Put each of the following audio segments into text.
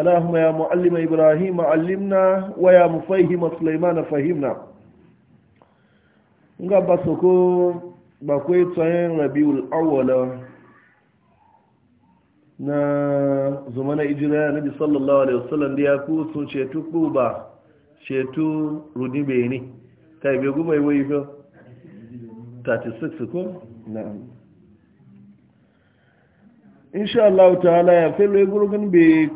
اللهم يا معلم إبراهيم علمنا ويا مفهم سليمان فهمنا nga ba soko ba kwai tsayin rabiul awwala na zumana ijira ya nabi sallallahu alaihi wasallam da ya ku sun cetu kuba cetu rudin beni kai be gumai wai ba 36 ko na'am insha Allah ta'ala ya fello ya gurgun be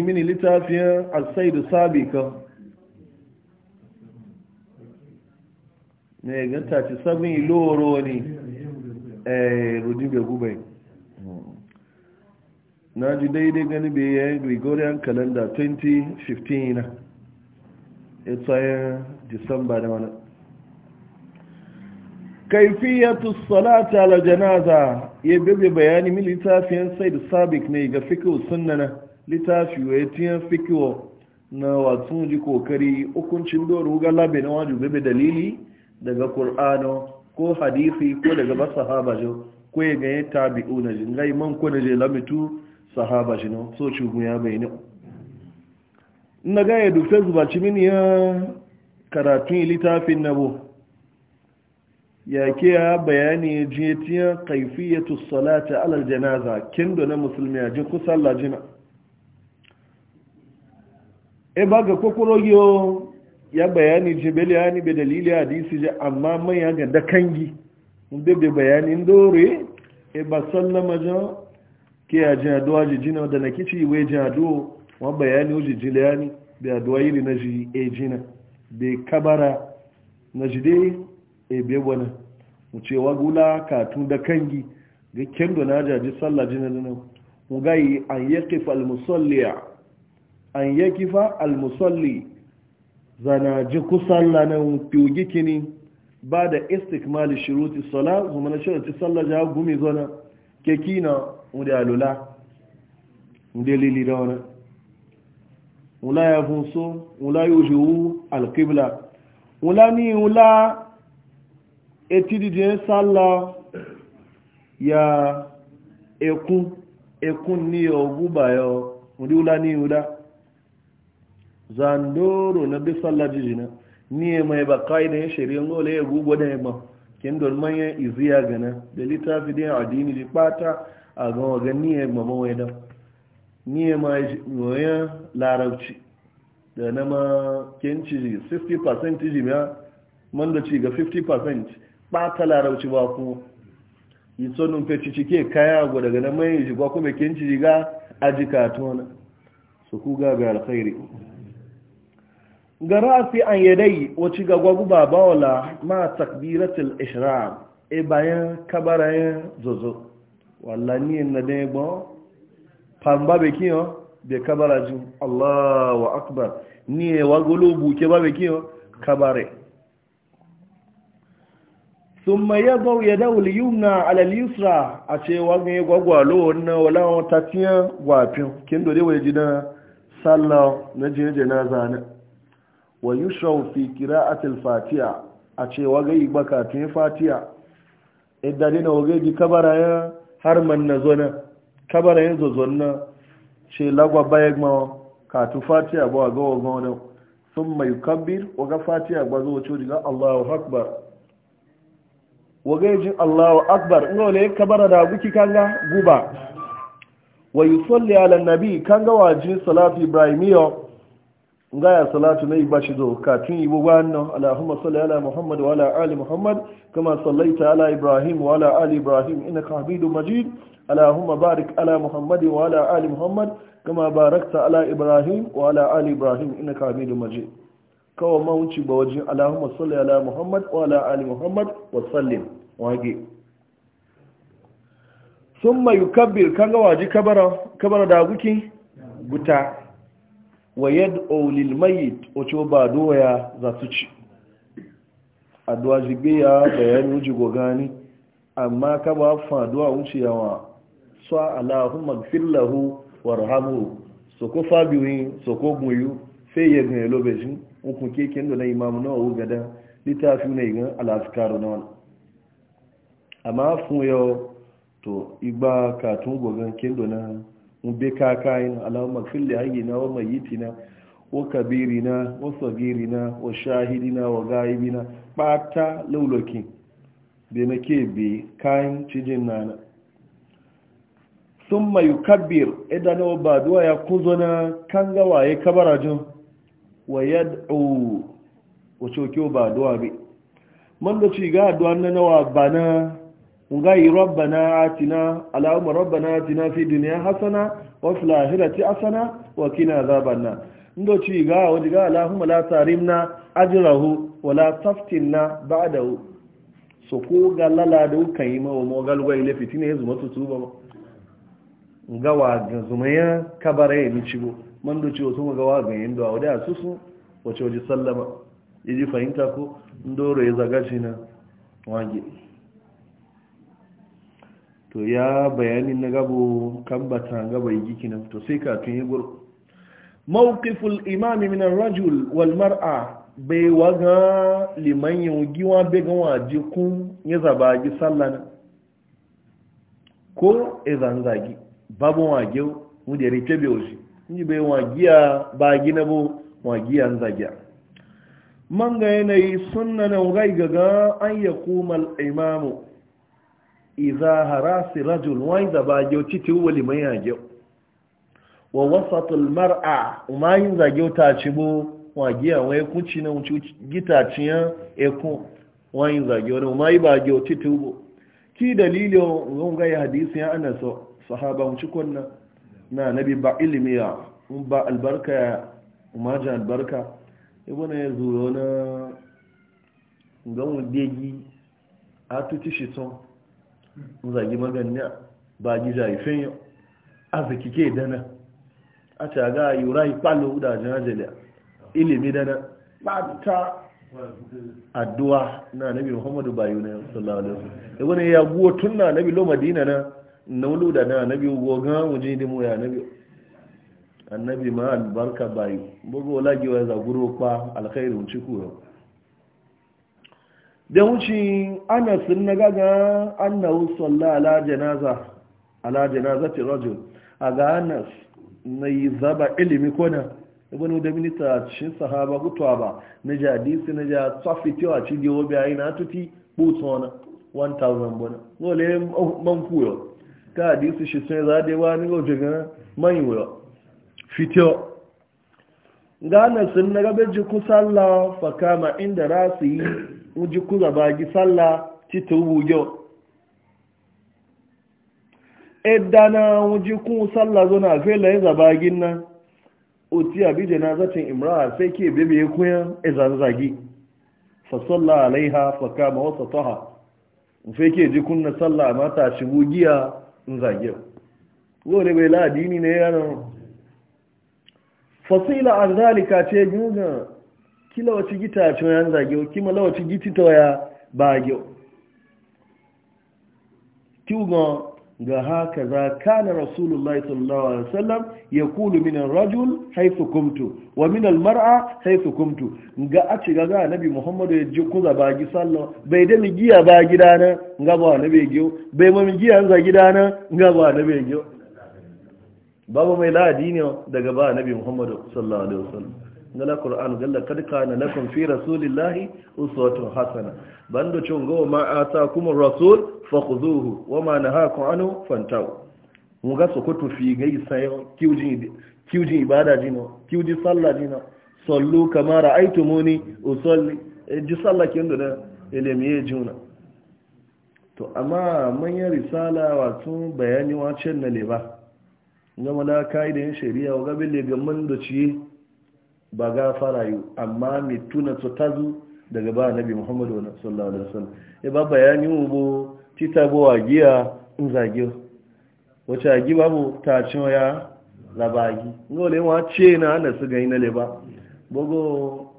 mini littafin al-saidu sabika ne iloro ne eh, na ji daidai gani be ya gregorian 2015 na ya kaifiyatu salati ala janaza ya bebe bayani min littafin said sabik ne ga fikihu sunnana littafi wa yatiyan fikihu na watsun ji kokari hukuncin doru ga labe na waju bebe dalili daga qur'ano ko hadisi ko daga ba sahaba jo ko ya ga tabi'u na jin gai man ko na je lamitu sahaba jino so ci guya bai ne na ga ya dukta zubaci min ya karatun littafin nabo ya ya bayani jetiya kaifiyatu salati alal janaza kendo na musulmi ya ji kusan lajina e ba ga kokoro yo ya bayani jibeli ya ni be dalili hadisi je amma mai ya ga dakangi be be bayani dore e ba sallama ja ke ya ji aduwa ji jina da na kici we ji aduwa wa bayani uji jilani be aduwa yiri na ji ejina jina be kabara na ji dai ebe eh, wani mu ce wa gula katun da kangi ga kendo na jaji sallah jina da nan mu gayi an yakifa almusalliya an yakifa almusalli zana ji kusan lanan fiye kini ba da istikmali shiruti sala kuma na shirarci sallah ja gumi zona keki na wuri alula wuri lili da wani wula ya funso wula yi wujewu alkibla wula ni wula etidijin sallah ya ekun ekun ni oguba yo ndi ula ni ula zandoro na bi sallah jijina ni e mai e ba kaida e ya shari'a ngole ya gugo da yamma kin don manyan iziya gana da littafi da addini da fata a ga wagan ni ya gama wai da ni ya mai noyan larabci da na ma kenci 60% jimiya man da ci ga 50% ɓata larauci ba ku yi tsonin feci cike kaya ga daga nan mai jigwa kuma kinci jiga a jikatona su ku ga alkhairi gara fi an yadai wacce ga gwagu ba bawala ma takbiratul ishram e bayan kabarayen zozo walla ni na dai ba pamba be kiyo be kabaraju allahu akbar ni e wagulu buke ba be kiyo kabare sun mai yadda ya daul yumna alal a ce wani gwagwalo wannan walawan tafiyan gwafin kin dole ji na sallah na jeje na zane wa yi yushrau fi a fatiha a ce wani baka tun fatiha idan na wani ji kabara ya har man na zona kabara yin ce lagwa baya ma katu fatiya fatiha ba ga wa gona sun mai kabbir wa fatiya fatiha ba zo ciwo diga Allahu akbar wagajin Allahu akbar ngo ne kabara da guki kanga guba wa yusalli ala nabi kanga waji salatu ibrahimiyo nga ya salatu nayi bashi zo katun yi wano allahumma salli ala muhammad wa ala ali kama sallaita ala ibrahim wa اللهم بارك على محمد وعلى آل محمد كما باركت على إبراهيم وعلى آل إبراهيم إنك حميد مجيد kawo mawuci wuce ba wajen Allahumma salli ala Muhammad wa ala ali Muhammad wa sallim wage summa yukabbir kan ga waji kabara kabara da guki guta wa yad'u lil mayyit ocho ba doya za su ci addu'a jibiya bayani uji gogani amma ka ba fa addu'a wuce yawa sa Allahumma gfir lahu Rahamu, soko fabiwin soko muyu sai ya gane lobe shi hukun keken da na imamu na wawo gada littafi na igan al'afikaru na wani amma fun yau to igba katun gogan kendo na mbe kakayin alamar fili hangi na wa mai na wa kabirina wa sagirina wa shahidina wa na bata laulokin da na ke bi kayan cijin nana sun mai kabbir idan ba duwa ya kuzo na kan kabara kabarajin wa yad'u o, kyo ba duwa bi man da ci ga duwa na nawa bana yi rabbana atina allahumma rabbana atina fi dunya hasana wa fil akhirati hasana wa kina adhaban ndo ci ga wadi ga allahumma la tarimna ajrahu wa la taftinna ba'dahu so ko ga lala da kan yi mawa mogal gwai le fitina yanzu tutu ba ga wa ga zumaya kabare ni cibo man da ciwo wasu magawa ga yin da wadda su su wace waje sallama ya ji fahimta ko ndoro ya zaga shi na wage to ya bayanin na gabo kan bata gaba yi giki nan to sai tun yi gur mawqiful imami min ar-rajul wal mar'a bai waga liman yugiwa be ga waji kun ya zabagi sallana ko izan zagi babu wage mu da rike be oshi yi bai wagiya ba gina bu wagiyan zagiya man ga yanayi sunna na gai gaga an ya kuma imamu iza harasi rajul wani da ba gyau titi wali mai yage. wa wasatul mar'a umayin zagiyo ta ci bu wagiya wai kunci na wuce gitaciyan ekun wani zagiyo na yi ba gyau titi bu ki dalilin gai hadisi ya ana sahaba wuce kunna? na nabi ba ilimi ya in ba albarka ya umarji albarka ibina ya zuro na ganwun degi a tuti shi zagi maganiya ba gija ifin yau a zaki ke dana a caga yura ipalo da janajaliya ilimi dana ba ta addu'a na nabi muhammadu bayu na sallallahu alaihi wasallam ibina ya guwa tun na nabi lo madina na na da na annabi gogan waje da mu ya annabi annabi ma albarka bai bugo wa za guro kwa alkhairu yo da ana anas na gaga annahu salla ala janaza ala janazati rajul aga anas na yi zaba ilimi kona ibn da minita shi sahaba gutwa ba na jadisi na ja tsafitiwa ci gobe ayi na tuti butona 1000 bona gole man kuyo ka hadisi shi sun zade wa ni goje ga mai wuyo fitio gana sun na gabe ji salla sallah fa kama inda rasu yi uji ku zaba gi sallah ti tubu yo edana uji ku sallah zo na fela ya e zaba gin nan uti abi janazatin imra sai ke bebe kuyan izan e zagi fa sallah alaiha fa kama wasataha fe in zage lori bai ladini ne yana fasila an zalika ce yuga kila wace gita ce yan zage kima la wace giti to ya ba ge kiugo ga haka za kana rasulullahi sallallahu alaihi wasallam ya kulu minan rajul haifu kumtu wa minan mar'a haifu kumtu ga a ci ga nabi muhammadu ya ji kuza ba gi sallo bai da giya ba gida na ga ba na bai giyo bai ma mi giya za gida na ga ba na bai giyo babu mai ladi ne daga ba nabi muhammadu sallallahu alaihi wasallam na al qur'an galla kad kana lakum fi rasulillahi uswatun hasana bando chongo ma atakum rasul fakhuduhu wama nahakum anhu fantahu muga sokoto fi gai sayo kiuji kiuji ibada jino kiuji salla jino sallu kama ra'aytumuni usalli e, ji sallah kendo da elemiye juna to amma manyan risala wato bayani wacce na leba gama da ka'idan shari'a ga bille legamman da ciye ba gafara yi amma mai tuna su tazu daga ba nabi muhammadu sallallahu alaihi wasallam ya ba bayani mu bo tita bo giya in Wacce wace gi babu ta cewa ya labagi ngole wa ce na na su gani na leba bogo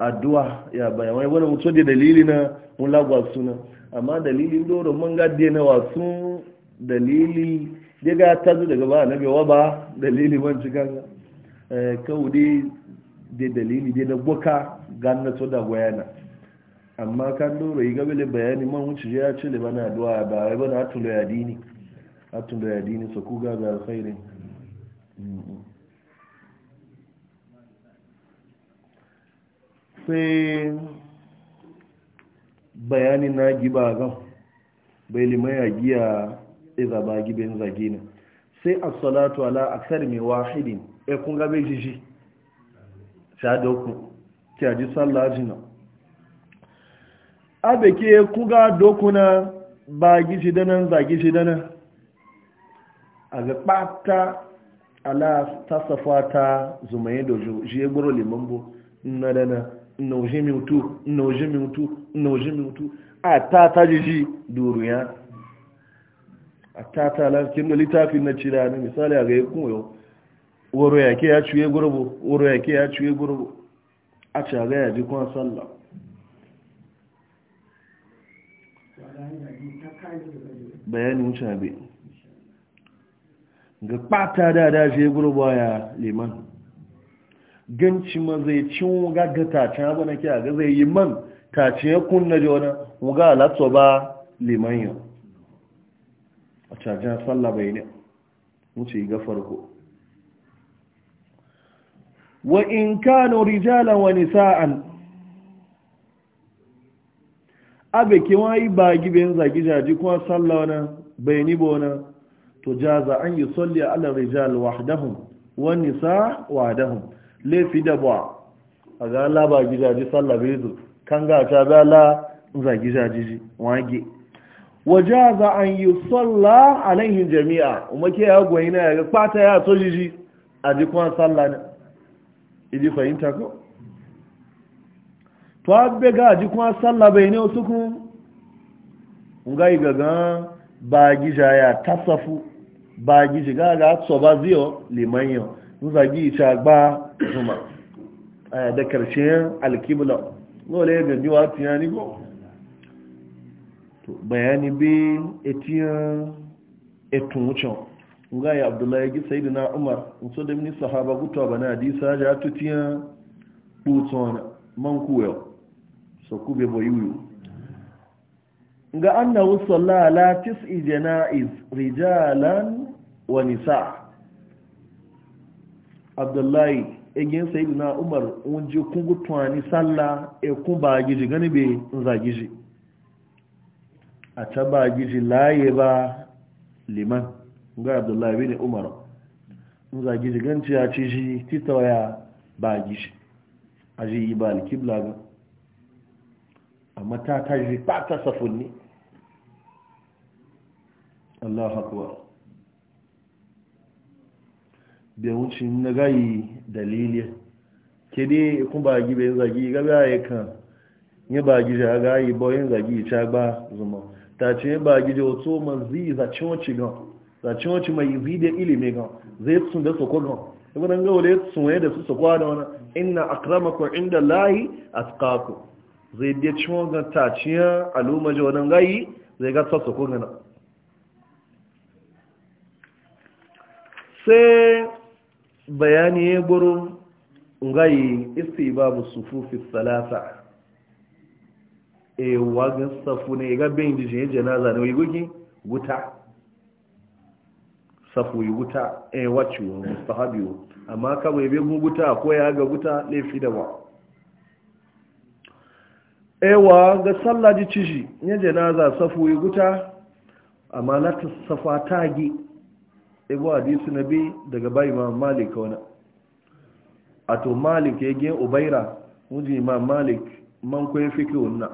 addu'a ya bayan wani wani mutu da dalili na mun lagwa suna amma dalilin doro mun gadde na wasu dalili daga tazu daga ba nabi wa ba dalili man cikin kawai dai da dalili dai na gan na da guyana amma kan doro yi da bayani man wuce ya ce da bana addu'a ba ya bana atun da dini atun da dini so ku ga ga alkhairi sai bayani na giba gan bai lima ya giya iza ba giben zagina sai asalatu salatu ala aksar mai wahidin e kun ga bai jiji ta doku ki aji sallah jina abe ke kun ga doku na ba gishi dana za gishi a ga kpata a ta safa ta zumaye dojo shi ya liman bu na dana mi mutu na mi mutu mi mutu a ta ta jiji duru a ta ta da na cira misali a ga woro yake ya cuye gurbu woro yake ya cuye gurbu a caga ya ji kuma sallah bayani wuce abi ga kpata da da gurbu a ya liman ganci ma zai cin ga tace abu na kya ga zai yi man tace ya kunna jona wuga alatso ba liman yau a cajan sallah bayani ne wuce ga farko wa in kanu rijalan wa nisa'an abe ke wayi ba giben zagi jaji kuma sallah wana bai ni bona to jaza an yi salli ala rijal wahdahum wa nisa wahdahum laifi da ba a ga la bagi jaji sallah bai zo kan ga ta ba la zagi jaji wage wajaza an yi salla alaihim jami'a ke ya gwayina ya ga fata ya to jiji a jikon sallah ne idi fahimta ko to abbe ga ji kuma sallah bai ne wasu kun nga yi gaga ba gija ya tasafu ba giji ga ga so ba ziyo liman yau nusa gi ta gba zuma aya da karshen alkibla lole ya ni wa tiyani ko to bayani bi etiyan etun wucin nga ya abdullahi gi sayyidina umar so da mini sahaba gutwa bana hadisa ja tutiya butona man kuyo so kube boyuyu nga annahu salla ala tis'i janaiz rijalan wa nisa abdullahi egin na umar unje kungutwa ni salla e kumba giji gani be nza giji a taba giji laye ba liman ga abdullahi bin umar in za gizi ganci ya ci shi titawaya ba gishi a ji yi ba alkibla ga amma ta ta ji ba ta safin ne allah hakuwa da wuce na gayi dalili ke dai kun ba gibe yin zagi gaba ya kan yi ba gije a gayi ba zagi ta ba zuma ta ce ba gije wato manzi zai zace wacce gan zaci wacce mai zide ilimi ga zai sun da soko ga gawo da ya sun waye da su soko da ina inna akramakum inda lahi atqaku zai da cewa ga taciya aluma je wani gayi zai ga sa soko ga sai bayani ya guru ngayi babu sufufi salasa e wagin safu ne ga bin jijiyar janaza ne wai guki guta safu yi wuta a eh, wacce wa musta wa amma kama yabe mu wuta ko ya ga wuta laifi da ba ewa ga sallah ji cishi ya janaza safu yi wuta amma na ta safa tagi ebo su na bi daga bayi ma malik wani a to malik ya gen ubaira wuji ma malik man kwaye fiki na.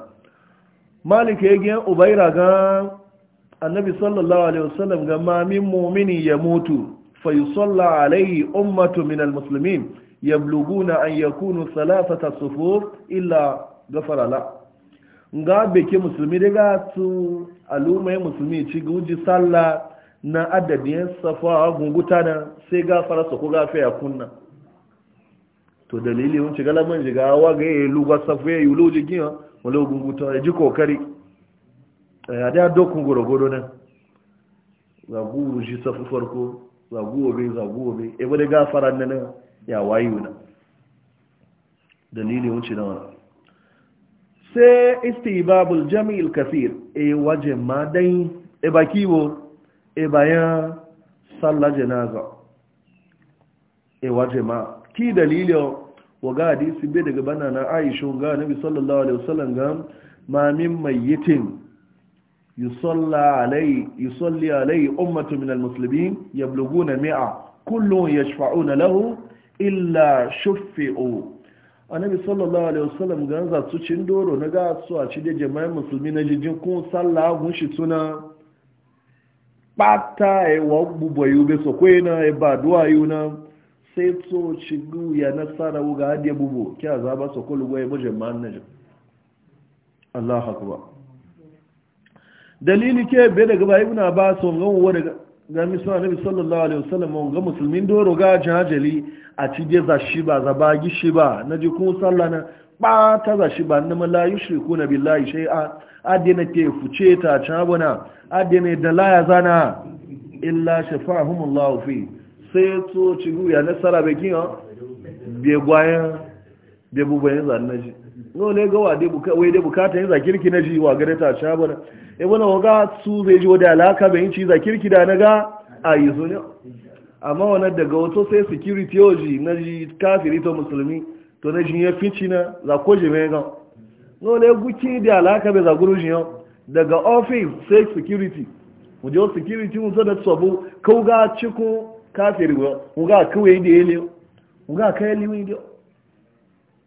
malik ya gen ubaira ga annabi sallallahu alaihi wasallam ga ma min mu'mini ya mutu fa yusalla alaihi ummatu min almuslimin yabluguna an yakunu thalathata sufuf illa ghafara la nga beke musulmi daga tu alumai muslimi ci guji sallah na adadin safa gunguta na sai gafara su ko gafe ya kunna to dalili mun ci galaman jiga wa ga yi lugwa safa yi lugwa jigin wala gunguta ya ji kokari ya eh, da dokun gwargwado nan zagu shi safu farko zagu obe zagu obe e eh, da gafara nan ya wayu na dalili wuce nan wani sai istibabul jami'il kasir e eh, waje ma dai e bakiwo e bayan sallar janaza e waje ma ki dalilin ga hadisi bai daga bana na aisha ga nabi sallallahu alaihi wasallam ga ma min mayyitin yusalli alayhi ummatu minal muslimin yabluguna mi'a kullun yashfa'una lahu illa shuffi'u annabi sallallahu alaihi wasallam ga za su cin doro na ga su a cide jama'in musulmi na jijin kun sallah gun shi tuna pata e wa bubo yu be so kwena e ba duwa yu na sai to cigu ya nasara wuga hadiya bubo kya za ba so kulu go e boje man na Allah akbar dalili ke bai daga ba muna ba su ga wa daga gami suna annabi sallallahu alaihi wasallam on ga musulmin doro ga jahajali a cije za shi ba za ba gi shi ba ji kun sallah na ba ta za shi ba na mala yushriku na billahi shay'a adina ke fuce ta cabuna adina da laya zana illa shafa'ahumullahu fi sai to ci guya nasara be kin ah, be gwayan be bubayen zan naji no le ga wa de buka wai de bukata yin zakirki wa gare ta cabuna e eh, wani ga su zai ji wadda alaka bayan ci za da na ga a yi su ne amma wani daga wato sai security yoji na ji kafiri to musulmi to na jin ya fici na za ko ji mai gan ya guki da alaka bai za guru jiyan daga office sai security mu wasu security mu zo da tsobo kau ga cikin kafiri ba mu ga kawai da ya liyo mu ga kai liyo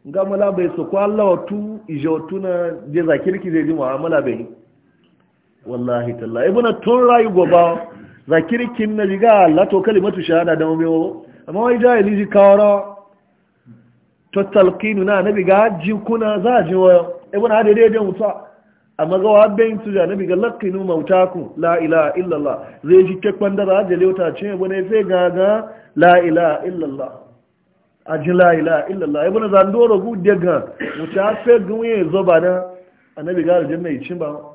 da ga mala bai su kwallawa tu ijo na je za kirki zai ji mu'amala bai wallahi talla na tun rayu goba za kirkin na riga lato kalimatu shahada da mu amma wai jahili ji kawara to talqinu na nabi ga ji kuna za ji wayo ibuna da dai da musa a magawa wabben su da nabi ga lakinu mautakum la illallah illa zai ji kekwan da za a leuta ce ibuna sai ga ga la ilaha illallah a ji la'ila illallah illa Allah zandoro zan doro gu daga mutafe gunye zoba na a nabi ga aljanna yi cin ba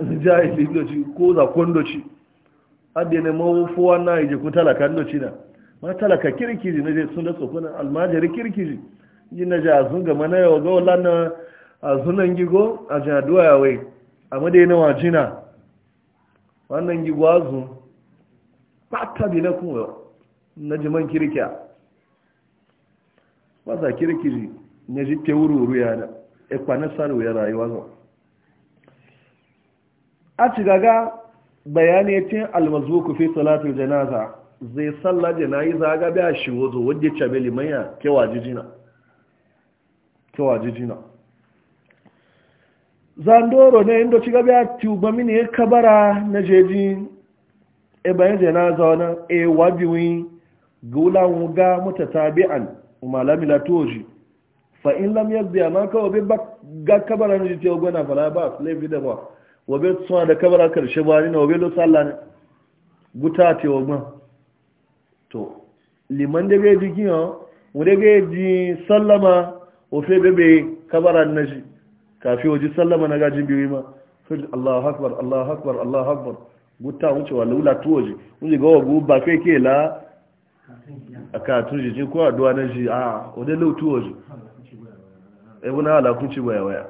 jahili doci ko za doci adda ne mawufuwa na yaje ko talaka doci na ma talaka kirkiji na je sun da tsokuna almajiri kirkiji yi na ja sun ga na yau ga wala a sunan gigo a duwa ya wai a dai na wajina wannan gigo azu pata bi na ku na jiman kirkiya za kirkiji ne ji te wuri wuri ya da ekwanisar wuya rayuwa zuwa a ci gaga bayani ya tin ku fi salatul janaza zai sallar janaza ga biya shi wazo wadda cabe limanya kewa jijina kewa jijina zandoro ne inda ci gaba tuba mini ya kabara na jeji e bayan janaza wani e wabiwi gula wuga mutatabi'an malami latoji fa'in lam yadda ya maka bi ga kabara na jeji ogona fala ba laifi da ba wabe suna da kabara karshe ba ni wabe lusa Allah ne guta te ma to liman da bai ji mu wadda bai ji sallama ofe bebe kabara na shi kafi waje sallama na gajin biyu ma sai Allah hakbar Allah hakbar Allah hakbar guta wuce wa lula ji wuce ga wagu ba kai ke la a katun jijin kowa duwa na shi a wadda lo ji ebuna ala ci waya waya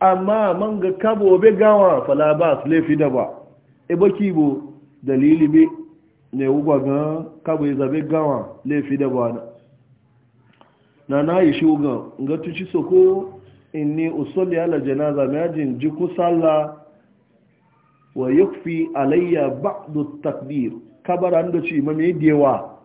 amma man ga kabo be gawa fala ba su laifi da ba e ibo kibo dalili be ne ugwa ga kabo ya be gawa laifi da ba na na na yi shi ga tuci soko inni usalli ala janaza majin ji ku salla wa alayya ba'du takdir kabara an ci ma me dewa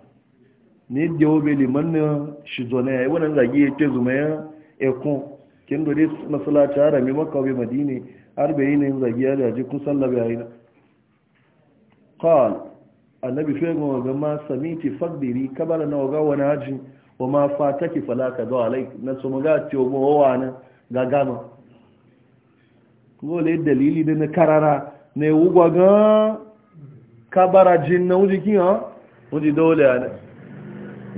ne dewo be liman shi zona yayi wannan zagi ya yake zuma ya ekun kin dole masallaci harami makka bi madine arba'in yin zagiya da ji kusan aina qal annabi fe go ga ma samiti fadiri kabala na ga wani haji wa ma fataki falaka do alai na so ti o mo wana ga gama gole dalili da na karara ne wugwa ga kabara jin na uji kin ha uji dole ana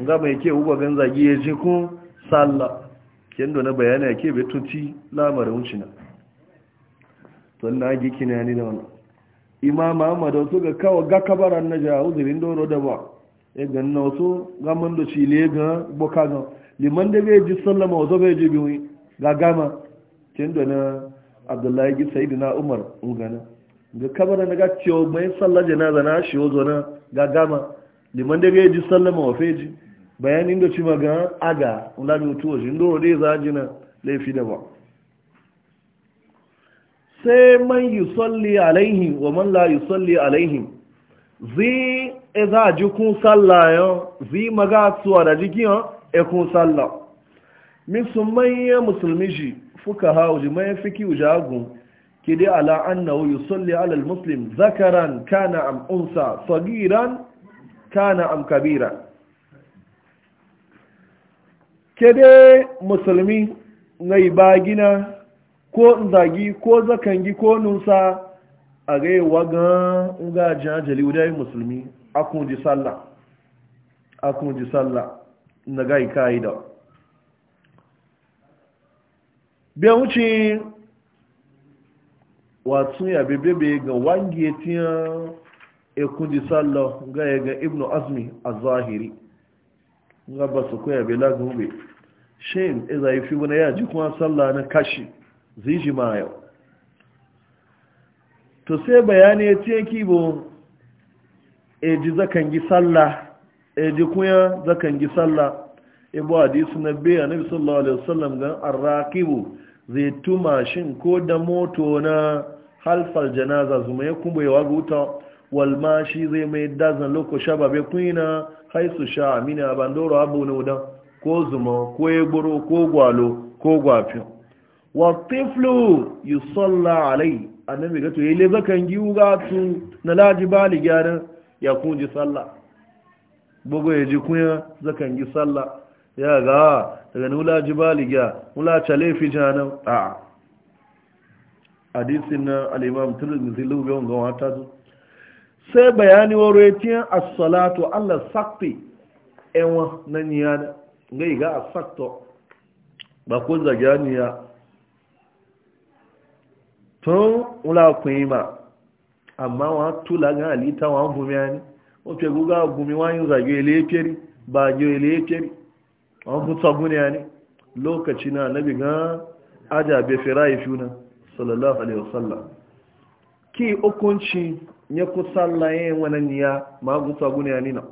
ga mai ke wugwa gan zagiye ji kun sallah kendo na bayani ake betuti lamarin wucina tun na giki na ni da wani imam ahmad wasu ga kawo ga kabaran na ja uzurin doro da ba ya e ganna wasu ga mando shi le ga boka ga liman da bai ji sallama wasu bai ji biyu ga gama kendo na abdullahi gi sayyidina umar ungana ga kabaran na ga ciwo mai sallar janaza zana shi wazo na ga gama liman da bai ji sallama wa feji bayanin da ci magana aga ulami mutuwa shi ndo dai za jina laifi da ba sai man yi salli alaihi wa man la yi salli alaihi. zi e za ji kun sallah yau zi maga tuwa da jiki yau e kun salla. musulman ya musulmi shi fuka ha uji mai fiki uji agun ke dai ala annahu yusalli ala muslim zakaran kana am unsa sagiran kana am kabiran kede musulmi na ibagina ko zagi ko zakangi ko nusa a ga yawa ga nga jajali musulmi akun ji sallah akun sallah na ga ikai biyan biya wuce watsun ya bebebe ga wange tiyan ekun ji sallah ga e ya ga ibnu azmi a zahiri nga ba su koya bela gobe shin iza e yi fi wani yaji kuma sallah na kashi ji ma yau to sai bayani ya ce kibo e ji zakan gi sallah e ji kuya zakan gi sallah ibo hadisi na biya nabi sallallahu alaihi wasallam ga arraqibu zai tuma shin ko da moto na halfal janaza zuma ya ya wagu ta wal mashi zai mai dazan shaba shababe kuina haisu sha amina bandoro abu na wudan ko zuma ko egboro ko gwalo ko gwafi wa tiflu tsalla alai annabi gato yi le zakan gi wuga su na laji bali gyara ya ji sallah bugu ya ji kunya zakan gi sallah ya ga daga ji bali gya wula cale fi janan a hadisin al-imam tirmidhi gawa ta zuwa sai bayani wa retiyan as-salatu Allah sakti enwa na niyana ngai ga a sakto ba ku zagani ya tun wula ba amma wa tula ga alita wa gumi ani o pe guga gumi wa yin zage lekeri ba ge lekeri wa bu lokaci na nabi ga aja be firai na sallallahu alaihi wasallam ki hukunci nye ku sallaye wannan ya ma gutsa gune ya nina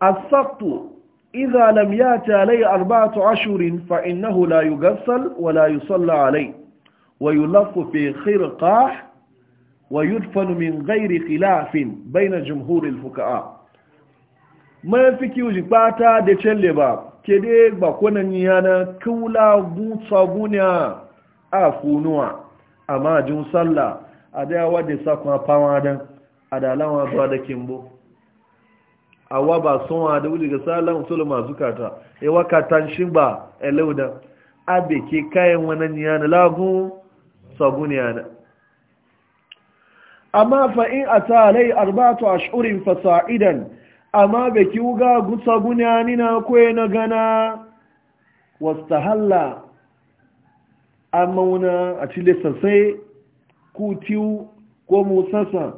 asaqtu idha lam yati alay arba'atu ashhurin fa innahu la yughassal wa la yusalla alay wa yulaqu fi khirqah wa yudfan min ghairi khilafin bayna jumhur al fuqaha ma fiki uji de chelle ba kede gba konan yana kula gutsa gune a funuwa amma jin sallah a da yawa da sa kuma fama don adalawa ba da kimbo awa ba sun wa da wuli ga salam sulu masu kata e wakatan shi ba elauda abe ke kayan wani yana lagun sabon yana amma fa'in a talai arbatu a shurin fasa'idan amma bai ki wuga gusa na kwaye na gana wasta halla amma wuna a cile sai. kutiyu ko musasa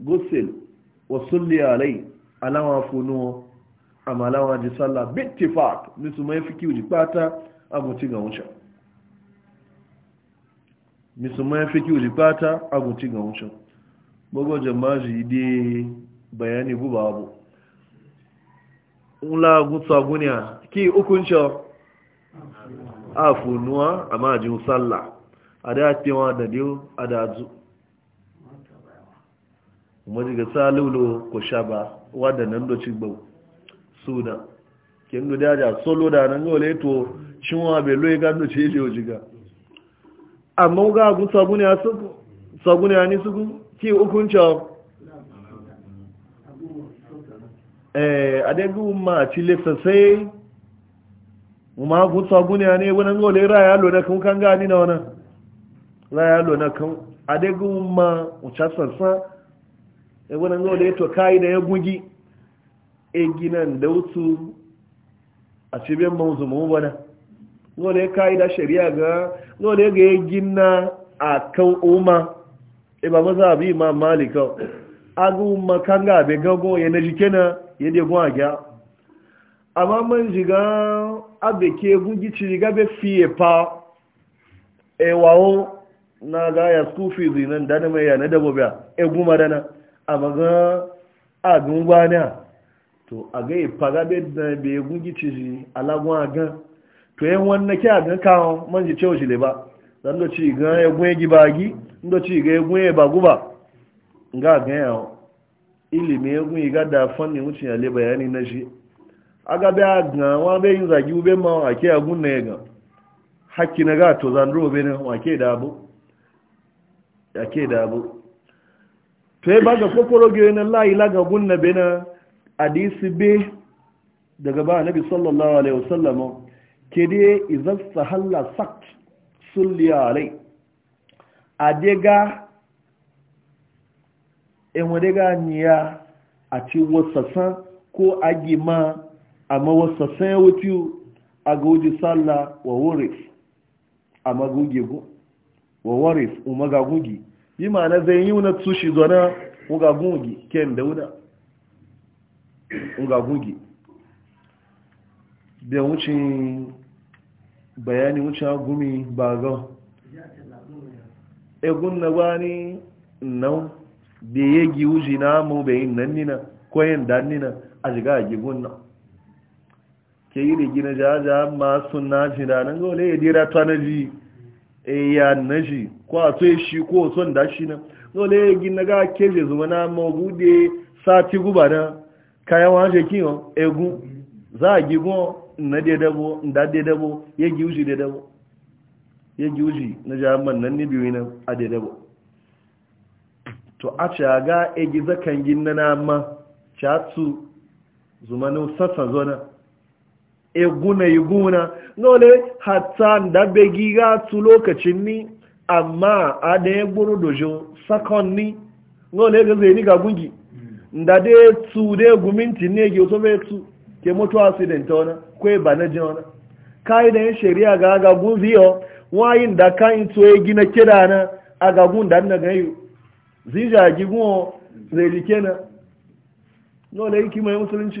gusil wa sulli alai alawa funuwa amma alawa ji sallah bittifak nisu mai fi kiwu ji pata agunci ga wucin nisu mai fi kiwu ji pata agunci ga wucin gbogbo jamaji dai bayani buba abu nla gutsa guniya ki hukuncin a funuwa amma ajin sallah a da cewa da biyu a dazu majiga salulo ko sha ba wadda nan doci gbau su da kin guda da solo da nan gole to cinwa bai loye gano ce je ojiga amma ga gun sabuni eh, a suku sabuni a ni suku ki hukunca eh adegu ma ci le sasai mu ma gun sabuni a ne wannan gole ra ya lo da kun kan gani na wannan láyàlò lona kan adégun ma ọ̀chásànsán ẹgbọ́n ní ọdẹ ètò káyí da ẹgún gí egi nan da wutu a cibiyar mawuzu mawu bana ọdẹ shari'a ga ọdẹ ga egi na a kan umar iba maza abi ma malika agun ma kan gago ya na jike na yadda ya gya amma man jiga abeke gungi ci riga be fiye pa ewawo na gaya sufi zinan dana mai yana dabo biya e guma dana a maga a gungwana ne to a ga yi e faga bai da bai e gungi ciji alagun a gan to yan e wannan ke a gan kawo man ji cewa shi ba zan da ci gan ya gunye gi bagi da ci ga ya gunye ba guba ga gan ya ilimi ya gunye ga da fanni wucin ya le bayani na shi aga bai a gan wa bai yin zagi ube ma wa ke a gunna ya gan hakki na ga to zan robe ne wa ke da abu ya ke da abu to yi ba ga kokoro gyoyi na la'ila ga gunna bena na adisi be daga ba nabi sallallahu alaihi wasallam ke dai izar sahalla sakt sulliya alai adega ga niya a ci wasasan ko agima amma wasasan ya wuce a ga sallah wa wuri a magugegu wa waris umaga gugi yi ma na zai yi wuna tsushi zona uga gugi ken ugagugi wuna uga da wucin bayani wuce gumi ba ga egun na wani nan da yegi uji wuji na mu bayin nan nina koyin dan nina a shiga a gigun ke yi da gina jaja masu na jina nan gole ya dira ta na ji ya na ji ko a shi ko a son da shi na dole gi na ga keje zuma na magu da sati guba na kayan wajen kiyo egu za a gigon na nda da dedabo ya gi uji dedabo ya gi uji na jaman nan ne biyu na a dedabo to a ce a ga egi zakan gin na na ma catu zuma na sassa zona eguna iguna nole hata ndabe giga tu lokacin ni amma a da ya dojo sakon ni nole ga zai ni ga gungi hmm. ndade tu de guminti ne ge to be tu ke moto accident ona ko ba na jona kai da shari'a ga ga guziyo wayin da kan to e gina kirana a ga gun dan na gayu zija gigun zai likena nole yiki mai musulunci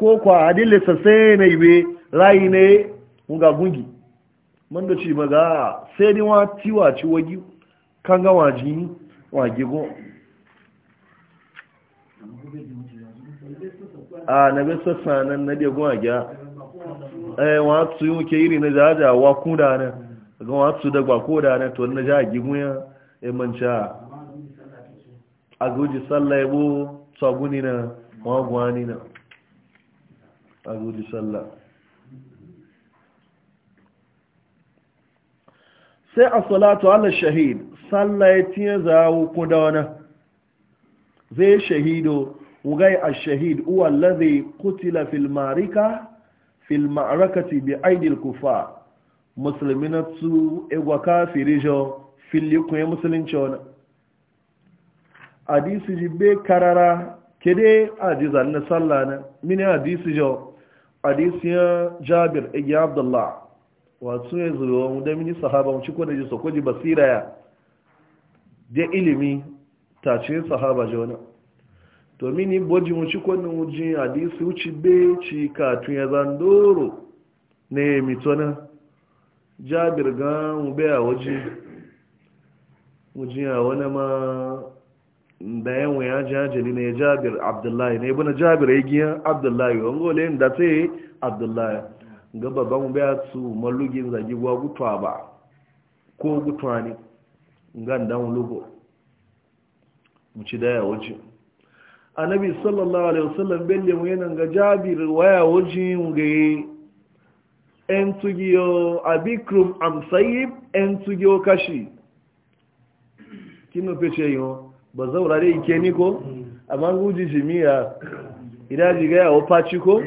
ko kwa adile sai na ibe rayi ne nga gungi man da ci maga sai ni wa tiwa ci wagi kan ga waji wage go a e, na bai sassa nan na de a gya eh wa tu yi ke iri na jaja wa ku da na ga wa tu da gba ko da na to na ja gigun ya e mancha a goji sallah yabo tsaguni na wagwani na a guji sallah sai a salatu ala shahid sallah ya tiye zawo ko da wani zai shahido wugai a shahid uwa lazai kutila fil filmarakati bi aidil kufa musulmi na su egwa kafiri jo filikun ji be karara kede a ji na sallah na mini hadisi adisiyan jabir igi abdullah wasu ya zuwa mu da mini sahaba mu ciko da ji sokoji basira ya da ilimi ta ce sahaba jona to mini boji mu ciko da mu ji hadisi uci ci ya zandoro na mitona jabir ga mu be a waje mu ji wani ma da yanwa ya ji hajjali ne jabir abdullahi ne ibi na jabir igiyar abdullahi wani gole da ta yi abdullahi ga babban biya su mallugin zagi wa gutuwa ba ko gutuwa ne gan dan mu ci daya waje annabi sallallahu alaihi wasallam belle mu yana ga jabir waya waje ga en tugiyo abikrum amsayib en tugiyo kashi kinu pece yo ba zaura dai ike ni ko amma guji jimiya ina jiga ya wafa ci ko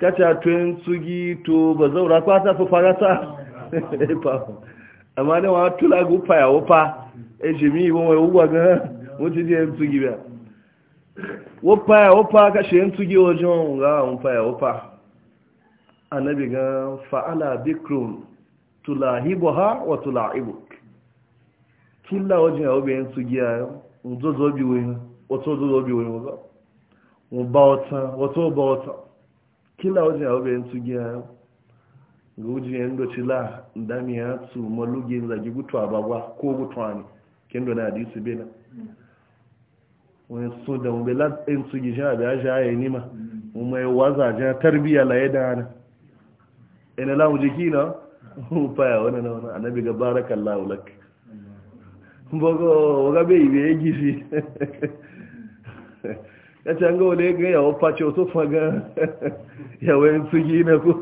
kacha tun tsugi to ba zaura kwata fi farata amma ne wa tula gufa ya wafa e jimi won wai ugwa ga mutu je tsugi ba wafa ya wafa ka she tsugi wajen ga wafa ya wafa annabi ga fa'ala bikrum ha wa tula'ibu kila wajen àwọn obìnrin tó gí ayọ́ òjòjò bí we wọ́tọ́ òjòjò bí wọ́n wọ́n wọ́n bá ọ̀tán ba bá ọ̀tán kila wajen àwọn obìnrin tó gí ayọ́ ga ujin yan doci la dami ya su malugi za gutu a bagwa ko gutu a ne kin na hadisi bena wani so da mu bela in su gi sha da sha ya nima mu mai waza ja tarbiya la ya dana ina la mu jiki na mu fa ya wani na wani annabi ga barakallahu lak mbogo ogabe ibe egisi yace an ga wale ga yawo face to faga yawo yin sugi na ku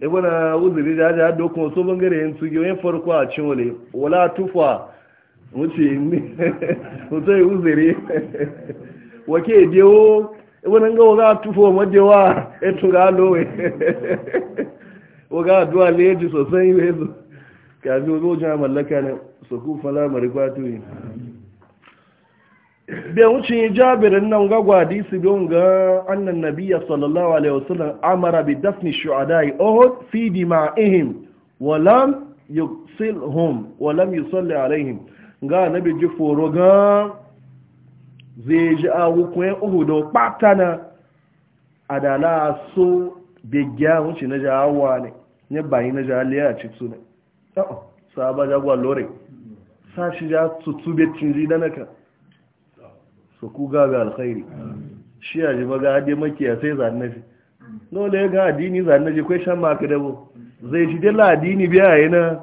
e bana uzuri da da dokon so bangare yin sugi yin farko a cin wale wala tufa wuce ni wuce uzuri wake dewo e, e, e bana e ga wala tufa madewa e tunga lowe waga duwa leji sosai ne kafin zo jama mallaka ne su kufa lamari kwato yi bai wuce jabirin nan gagwa disi don ga annan nabiya sallallahu alaihi wasallam amara bi dafni shu'adai ohud fi dima'ihim walam yusilhum walam yusalli alaihim ga nabi ji foro ga zai ji a hukuyen uhudu patana adala so bigya wuce na jawa ne ne bayi na jaliya a cikin sahaba jagwa lore sashi ya tutube cinji da naka su ku ga alkhairi shi ya ji maga hade makiya sai zannafi dole ya ga addini zannafi kwai shan maka dabo zai shi dala addini biya yi na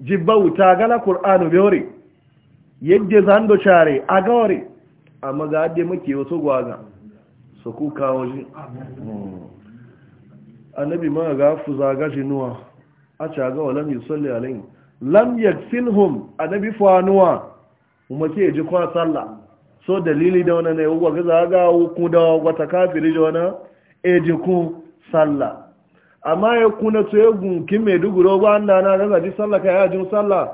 ji bauta gala kur'anu biyore yadda zan do share a gaware amma ga hade makiya wasu gwaga su kuka kawo shi hmm. annabi ma ga fuza gashi nuwa a caga wa lam yusalli alayhi lam yaksilhum annabi fanuwa kuma ke ji kwa sallah so dalili da wannan ne wa ga zaga ku da wata kafiri da wani e ji ku sallah amma ya kuna to ya gunki mai duguro ba an na ga ji sallah ka ya ji sallah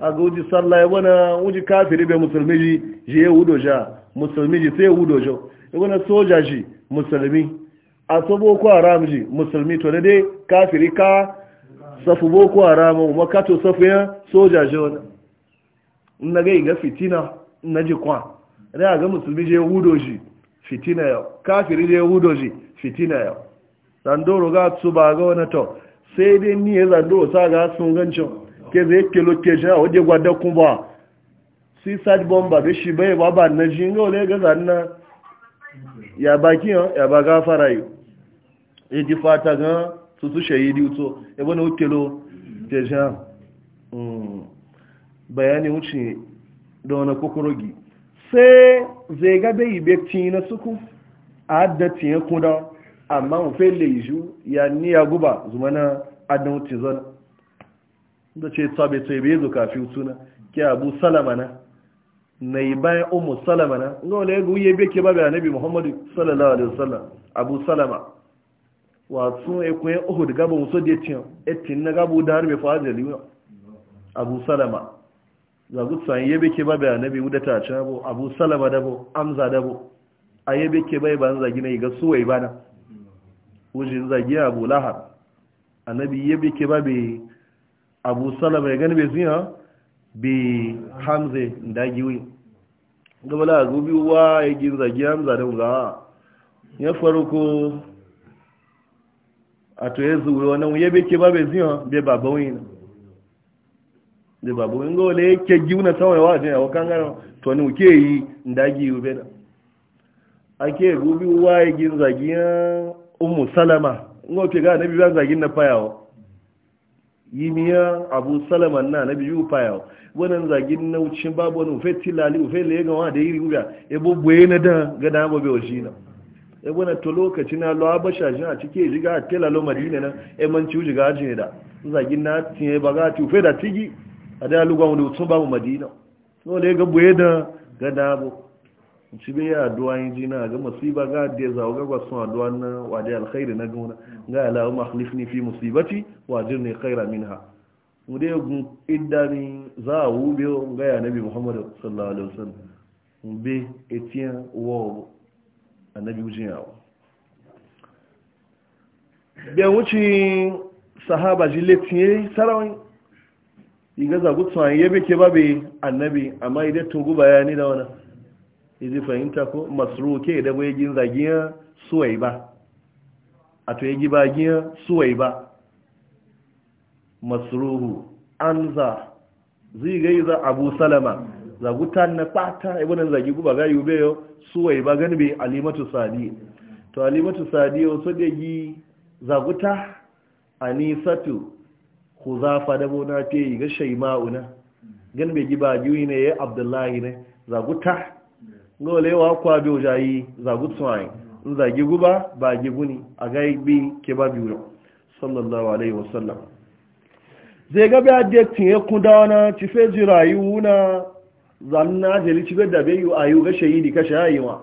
a ga uji sallah ya wana uji kafiri bai musulmi ji je wudo ja musulmi ji sai ya wudo jo ya wana soja ji musulmi a sabo ko haram ji musulmi to da dai kafiri ka safu boko haramu kato safu ya soja je wani na ga fitina na ji kwa na ga musulmi je hudo shi fitina yau kafiri je hudo shi fitina yau zandoro ga su ba ga wani to sai dai ni ya zandoro sa ga sun gancin ke zai ke location a waje gwada kuma sad bomba da shi bai ba ba na shi ga wani ga zanna ya baki ya ba gafara yau ya e ji fata gan tutu shahidi uto ebe na ukelo teja bayani wuce da wani kokorogi sai zai gabe ibe na suku adda tiye kuda amma ofe leju ya ni ya guba zumana adda wuce zana da ce tsabe tsabe zo kafi utuna ke abu salama na na yi bayan umu salama na ga wani ya guye beke babu annabi muhammadu sallallahu alaihi wasallam abu salama wasu ekun uhud gaba musu da cin etin na gabu da harbe fajali abu salama zagut san yabe ke ba bayan nabi wuda ta ci abu abu salama da bu amza da bu a yabe ke bai ban zagi ne ga suwai bana wujin zagi abu lahab annabi yabe ke ba bai abu salama ya gani bai zuya bi hamze da giwi gaba la gubi wa ya gin zagi amza da ga ya ko. àtò ẹzù ọ̀nà òun bẹ́ kí bá bẹ̀ sí hàn bẹ bàbá òyìn bẹ bàbá òyìn ke lè kẹ jíun na sáwọn a àdínyàwó kángárá tọ́ ni òkè èyí ǹdági ìwé bẹ́ẹ̀ ake gobi wá igi zagi yan umu salama ngọ́ fi gá nabi bá zagi na fayawa yi miya abu salama na nabi yi fayawa wannan zagi na wucin babu wani ufe tilali ufe lè gawa da yi riwuya ebo boye na dan gada abubuwa shi na e eh, wani to lokaci na lo abasha jin a cike jiga tela lo madina na e man ci jiga ji da zagin na tiye ga tu fe da tigi a da lugwa mu tun ba mu madina to le ga buye da ga dabo ci be ya duwa yin na ga musiba ga da za ga ga sun addu'a na wa da alkhairi na gona ga ala ma khlifni fi musibati wa ajirni khaira minha mu dai gun iddani za a wube ga ya nabi muhammad sallallahu alaihi wasallam be etien wo annabi wujiyawa bayan wuce sahaba ji yi sarawai iga zagu tsohon yabe ke babe annabi amma idan tungu bayani da wani izi fahimta ko masu ke da bai gin zagiya suwai ba a to yagi bagiya suwai ba an anza zai gai za abu salama zagutan na fata ibanan zagi guba ga yube yo suwai ba gani bai alimatu sadi to alimatu sadi o so degi zaguta anisatu khuzafa da bona te ga shayma'una gani bai ba juyi ne ya abdullahi ne zaguta ngole wa kwa bi ojayi zagutsuwai in zagi guba ba gibuni a bi ke ba biyu sallallahu alaihi wasallam zai gaba da tinye kudawa na tife jirayi wuna zanna jeli ci da bai yi ayu ga shahidi ka shayiwa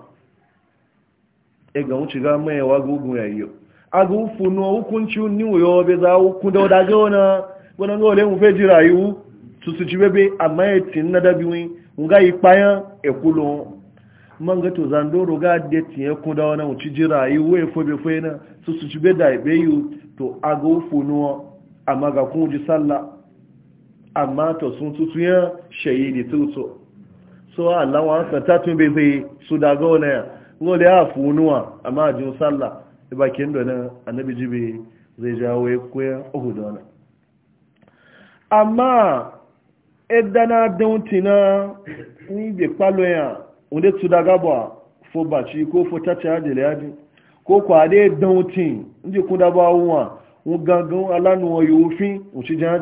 e ga wuce ga mai wa gugu yayo agu funo hukunci ni uyo be za ku da da gona gona ngole mu fe jirayu su su ci bebe amma e tin na da biwi nga ipayan e kulo manga to zandoro ga de tin e ku da wona mu ci jirayu we fo be na su su ci be da be yu to agu funo amma ga kun ji sallah amma to sun tutuya shahidi tutu so Allah wa sa ta tun bai bai su daga wani ngole ya funuwa amma ji sallah da e bakin da nan annabi jibe zai jawo ya koya uku da wani amma edana dautina ni be palo ya onde tu daga bo fo bachi ko fo tacha adele adi ko kwa de dautin nje kunda ba wọn gangan alanu oyofin o ti jan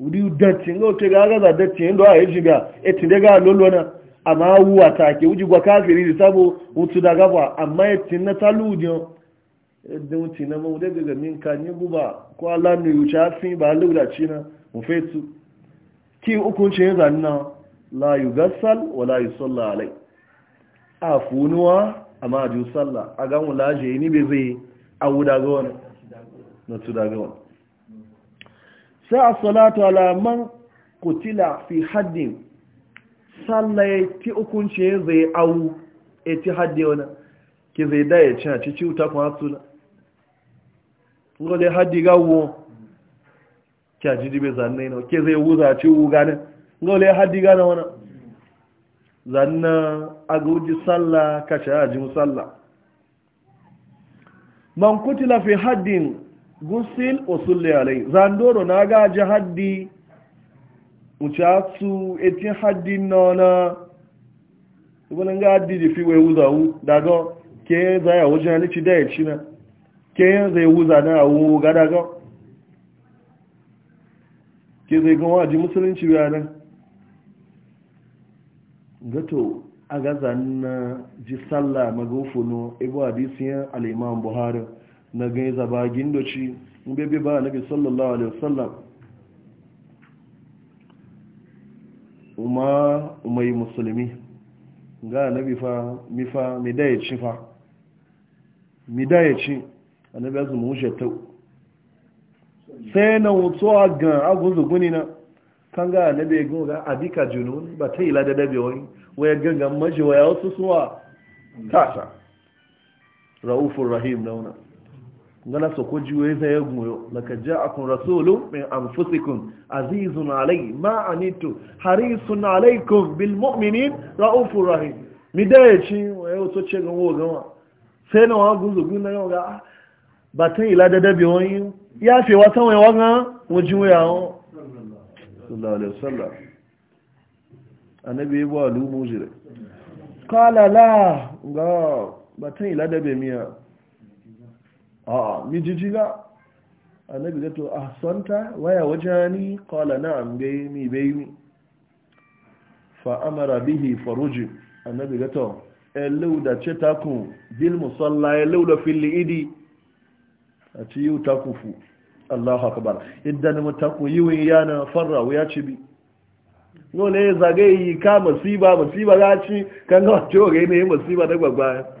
wuri dacin ga wuce ga gaza dacin yadda a yi shiga etin da ga lolona amma wuwa atake ke wuji gwa kafiri da sabo wutu da gaba amma etin na taludin yadda wuce na mawude daga min kan yi guba ko allah ne wuce hafi ba lura ci na mufetu ki hukuncin yin nina la yu gasal wa la yu salla alai a funuwa amma a ju salla a gan wulaje ni bai zai na tu da ga sai a salatu alaman kutila fi haddin ya ti hukunci zai awu ya ti haddi wani ki zai daya ci a cici wuta kuma suna ngode haddi ga wo ki a jidibe zanne na ki zai wuza ci wu ganin ngode haddi ga na wani zanna a ga wuji sallah kashe a jin sallah man kutila fi haddin gusil wasulli alai zandoro na gaji haddi mucatu etin haddi nona ibanin ga haddi da fi wai wuzawu daga ke za ya wuce hannun ci daya ci na ke zai wuza na a ga daga ke zai gan waji musulunci biya nan gato a gaza na ji sallah magofuno ibu hadisiyan al'imam buhari na gai zabagin doci bebe ba nabi sallallahu alaihi wasallam umma umai musulmi ga nabi fa ya ci fa ci annabi ya zama wuce ta sai na wuto a gan agunzu na kan ga annabi ya gunga abika junun ba ta ila da dabe wani waya gangan maji waya wasu suwa kasa ra'ufur rahim na Ngana ngala soko jiwe za yeguyo lakad ja'akum rasulun min anfusikum azizun alayhi ma anitu harisun alaykum bil mu'minin raufur rahim midayechi ce to chega woga sai na wagu zugu na yoga ah, batan ila da dabi wani ya fi wata wani wanga wajen wuyawo sallallahu alaihi wasallam annabi yabo alu mujire qala la ga batan ila da be miya a mijijiga annabi ga to ahsanta waya wajani qala na'am bai mi bai mi fa amara bihi faruji annabi ga to elu eh, da ce taku bil musalla elu eh, da fil idi a ci yu takufu Allahu akbar idan mutaku yiwin yana farra ya ci bi no ne zagayi ka masiba masiba gaci, ci kan ga to ga ne masiba da gbagba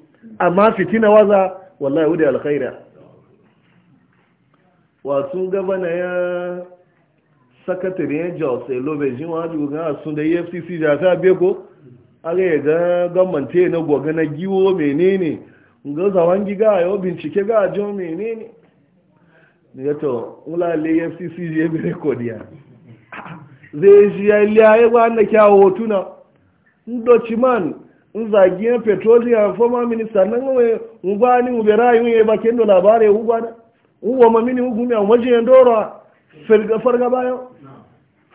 amma fitina waza wallahi wuda alkhaira wasu gabana ya sakatariyar jos elobejin waju ga sun da efcc da ta beko aga ya ga gwamnati na gwaga na giwo menene ga zawan giga yau bincike ga ajo menene e ya to wulale efcc ya bi rekodiya zai shi ya liya ya gwa na kyawo hotuna ndochiman nzagiyar petroleum former minister nan nwe ngwani ube rayu bakendo na bare labare ugwana uwa mamini ugumi a waje ndora ferga farga bayo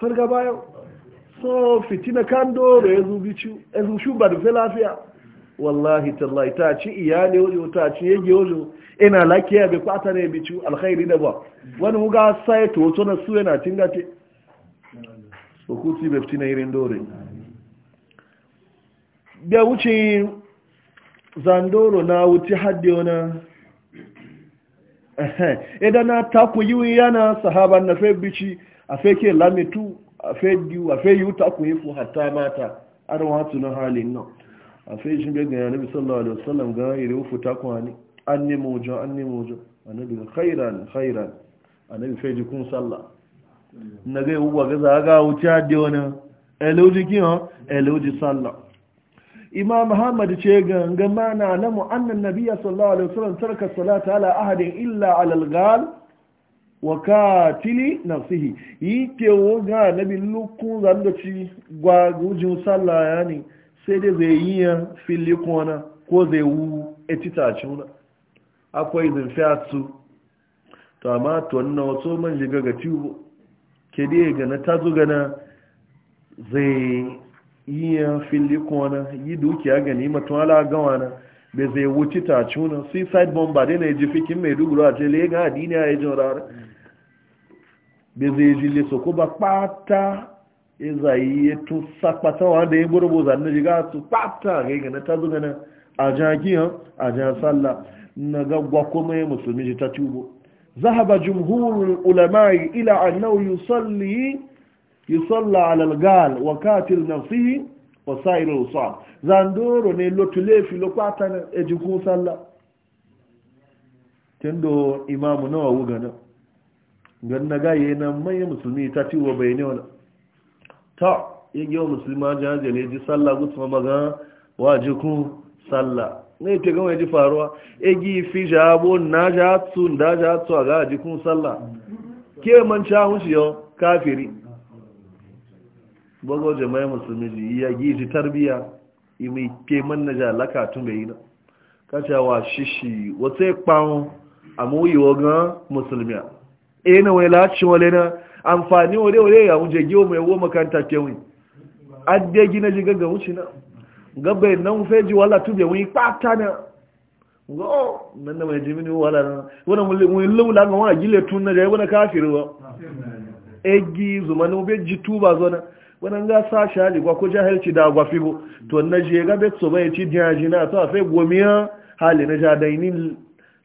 farga bayo so fitina kando rezu bichu ezu shuba de zubi wallahi tallahi tachi ci iyali ojo ta ci yage ojo ina lakiya be kwata ne bichu alkhairi da ba wani uga sai to to na su yana tingate hukuti be fitina irin dore biya wuce zandoro na wuce hadde wani idan na taku yi yana sahaban na fe bici a fe ke lamitu a fe diwu a fe taku yi fu hatta mata an watu na halin nan a fe shi bai ga yanabi sallallahu alaihi wasallam ga iri ufu taku hani an nemo wujo an nemo wujo annabi khairan khairan annabi fe jikun sallah na ga yi uwa ga zaga wuce hadde wani eleuji kiyan eleuji sallah imam muhammad ce ganga mana na mu'annan nabiya sallallahu alaihi wasallam tarka salata ala ahadin illa ala algal wa katili nafsihi yike woga nabi lukun zando ci gwa gujin sallah yani sai dai zai yi yan fili kona ko zai wu etita cuna akwai zin fiatu to amma to na wato man jiga ga tiwo ke dai ga na tazo gana zai iya fili kona yi dukiya gani matun ala gawa na da zai wuce ta cuna seaside bomba dai na ji fikin mai duguru a ce ga adini a yajin rara da zai ji leso ko ba pata ya zai ya tun sakpata wanda ya gurbo na jiga su pata ga yi gana ta zuga na a jagiyan a sallah na gagwa kuma ya musulmi ji ta tubo zahaba jumhurul ulama'i ila annahu yusalli yusalla alal gal wa katil nafsihi wa sairul usal zandoro ne lotule fi 'Kwata na ejikun salla tendo Imam imamu wa wugana ganna gaye na mai musulmi ta ciwo bai ne wani ta yage wa musulma jihajiyar ne ji salla gusu maga wa jikun salla ne te gama ji faruwa egi fi jabo na jatsu da jatsu a ga jikun salla ke man cahun shi yau kafiri bago jama'i musulmi ji ya giji tarbiya imi ke manna ja laka tun bai na kacewa shishi wata ya kpawo a mawuyi wagan musulmi a ina e wai lacin wale na amfani wale wale ya wuce giwo mai wo makanta kewi adde na ji gaggan wuce na gabbai nan ji wala tube wani kpata na ga o nan da mai jimini wala na wani mulin lula ga wani gile tun na ja jayi wani kafin ba egi zumanin bai ji tuba zo na wannan ga sa shali gwa ko jahilci da gwa fibo to na je ga bet so bai ci jaji na to afai gomiya hali na ni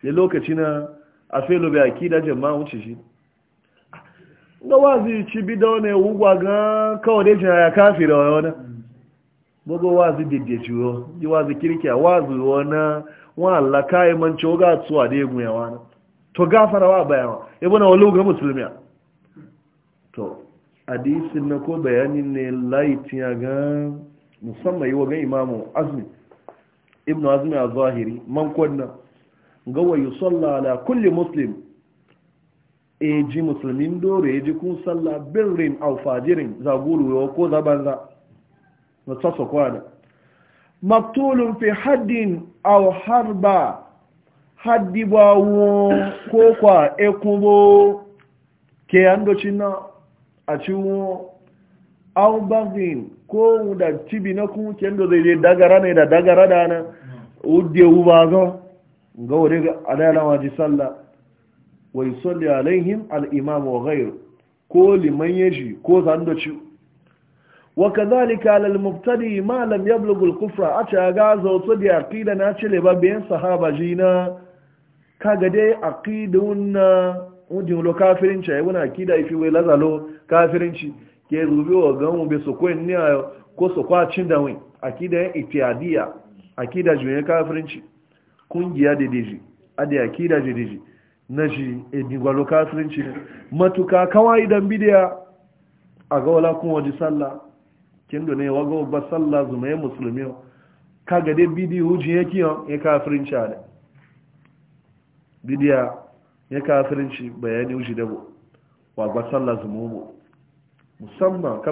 le lokaci na afai lo bai akida jama'a wuce shi ga wazi ci bida da wani wugwa ga kawai dai jaya kafira wa wani bugu wazi didde ciwo ji wazi kirki a wazi wani wa Allah kayi manci wa tsuwa da ya gunya wani to gafara wa bayawa ibina wa e ga musulmiya to hadisin na ko bayanin ne laitin ya ga musamman yi wa ga imamu azmi ibn azmi a zahiri man kwanna ga wa yi salla ala kulli muslim e ji musulmin dore ya ji kun salla birrin au fajirin zaguruwa ko zabanza na tsasa kwana maktulun fi haddin au harba haddi bawo ko kwa ekubo ke yandocin na a ciwo au bagin ko da cibi na kun kendo zai dagara ne da dagara da na wudde uba ga ga wuri ga alayala waji sallah wa yusalli alaihim al-imam wa ghayr ko liman yaji ko ci wa kadhalika lal mubtadi ma lam yablugh al-kufra ata ga zo to da aqida na cile babben sahaba jina kaga dai aqidun wujin lo kafirinci ai wuna kida ifi lazalo kafirinci ke zubi wa ganwu be so kwen ni ayo ko so kwa cin juye kafirinci kungiya da deji da na shi edingwa lo kafirinci matuka kawai dan bidiya a ga wala kun waje sallah kin ne wa ba sallah zumaye musulmi dai bidiyo hujin yake bidiya ya kafirinci bayani wuce da wa ba sallah zumubu musamman ka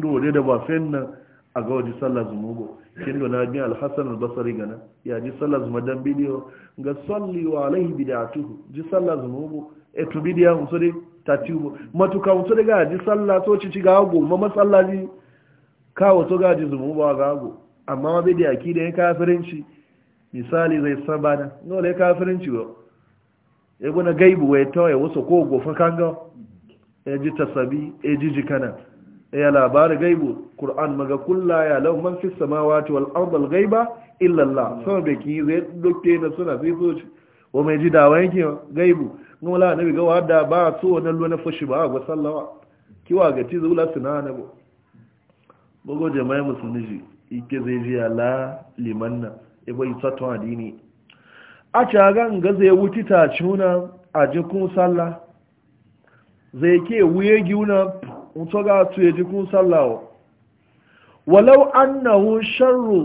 duwa ne da ba fen nan a ga waje sallah zumubu kin da nabi al-hasan al-basri gana ya ji sallah zumadan bidiyo ga salli wa alaihi bid'atuhu ji sallah zumubu e to bidiya musu ta tatibu matuka musu ga ji sallah so ci ga go ma masallaji kawo wato ga ji a ga go amma bidiya ki da kafirinci misali zai sabana dole kafirinci ba egwana gaibu wai tawaye wasu ko gofa kanga ya e ji tasabi ya e ji jikana e ya labari gaibu ƙur'an maga kulla ya lau man fi samawa wal ardal gaiba illallah mm. sama da ki zai dokke na suna sai so ci wa mai ji dawa yake gaibu kuma la nabi ga wada ba so wani luna fushi ba ga sallawa kiwa ga ci zula suna na bo bogo jama'i musulmi ike zai ji ala limanna ibai tsatuwa dini a cagan ga zai wuti ta cuna a jikun sallah zai ke wuye giuna mutu ga tuye jikun sallah walau annahu sharru